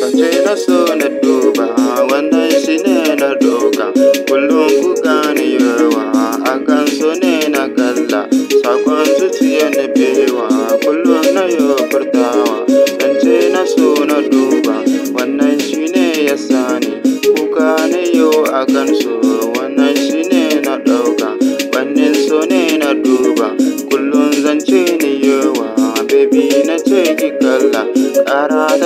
kasance na so na duba wannan shi ne na doka kullum ku gane yawa akan so ne na kalla sakon zuciya na bewa kullum na yo furtawa kasance na so na duba wannan shi ne ya sani kuka ne yo akan so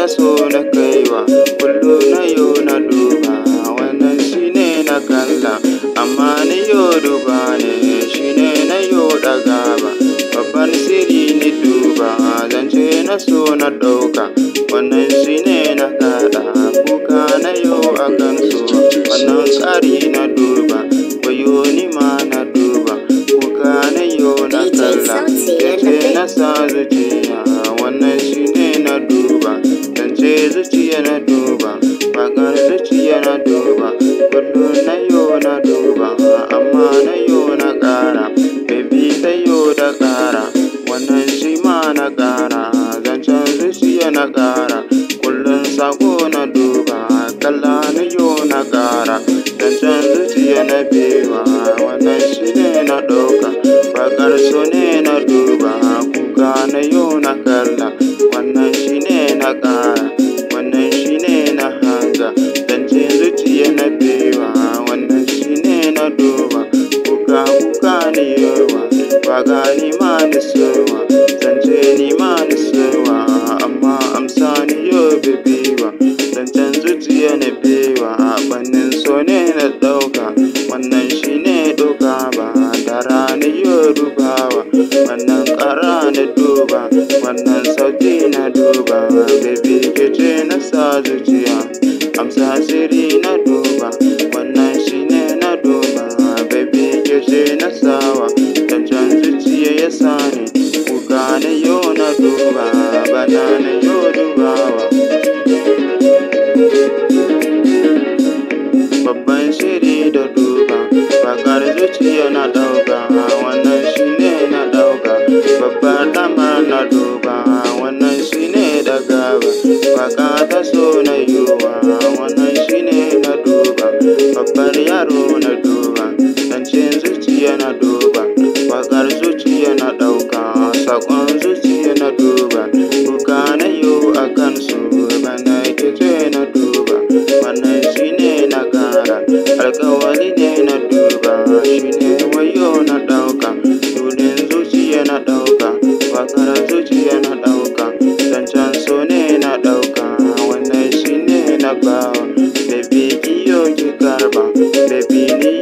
na so na kaiwa kullu na na duba wannan shine na kalla amma ni yo duba ne shine na daga ba babban siri ni duba zance na so na dauka wannan shine na kada kuka na yo a kansu wannan tsari na duba wayo ni ma na duba kuka na yo na kalla zance na sa zuciya ba amma na yo na ƙara baby yo da ƙara wannan shi ma na ƙara zancen zuciya na ƙara kullum sako na duba kalla na yo na ƙara zancen zuciya na bewa wannan shi ne na ɗauka bakar so ne waka ni ma da sowa zance ni ma da sowa amma amsa ni yo bebewa zancen zuciya na bewa bannin so ne na ɗauka wannan shi ne ɗauka ba da rani yo dubawa wannan ƙara na duba wannan sauti na duba bebe ke ce na sa zuciya amsa siri na duba wannan shi ne na duba bebe ke ce na sawa sani kukane yo na duba banane yo dubawa babban shiri da duba bakar zuciya na dauka wannan shi ne na dauka babbar dama na duba wannan shi ne da gaba bakar Baby,